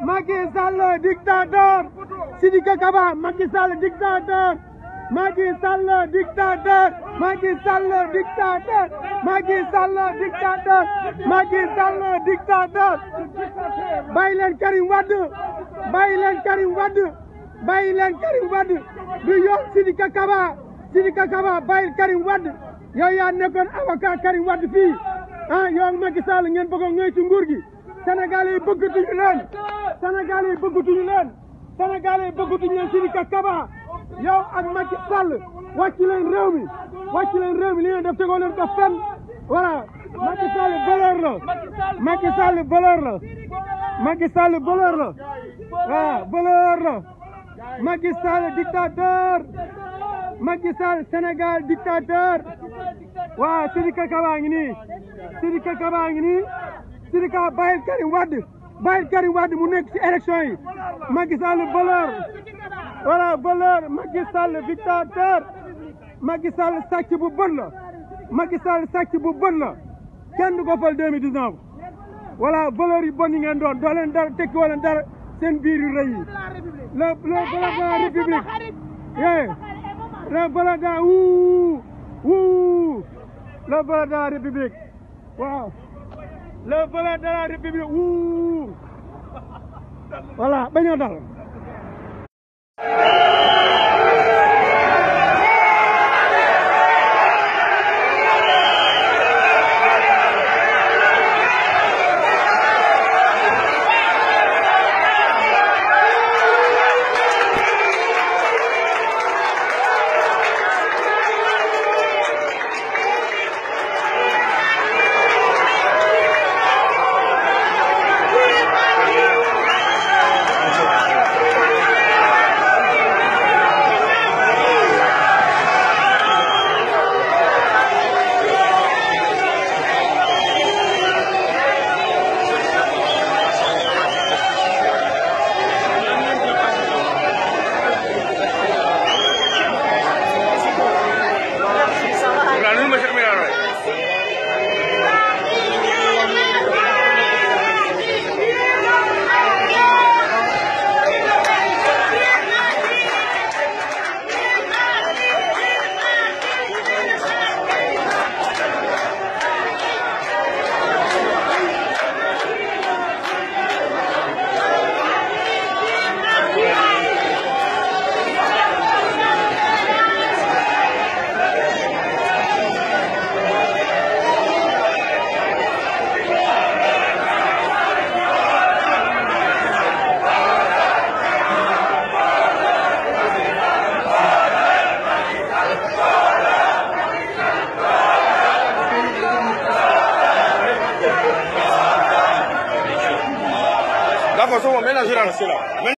Macky Sall dictateur Sidiki Kaba Macky Sall dictateur Macky Sall dictateur Macky Sall dictateur Macky Sall dictateur Macky Sall dictateur bàyyi leen Karim Wade bàyyi leen Karim Wade bàyyi leen Karim Wade du yoon Sidiki Kaba Sidiki Kaba bàyyi Karim Wade yow yaa nekkoon avocat Karim Wade fii ah yow Macky Sall ngeen a ñëw ci nguur gi Sénégalais yi leen Sénégalais yi bëggatuñu leen Sénégalais yi bëggatuñu leen Sidiki Kaba yow ak Macky Sall wàcc leen réew li ngeen def ci leen ko fenn voilà Macky Sall la Macky Sall la Macky Sall la waaw voleur la Macky Sall dictateur Macky Kaba ngi nii Kaba ngi nii Sidiki bàyyil Karim bàyyi Karim Wade mu nekk ci élection yi Macky Sall voleur voilà voleur Macky Sall dictateur Macky Sall sàcc bu bon la kenn du ko fal 2019 voilà voleur yi bon yi ngeen doon doo leen dara tekki seen biir yu rëy yi le voleur yee le voleur de wuu wuu le voleur de la république le volet de la République wuuu voilà bañoo dal façon, on ménagera cela.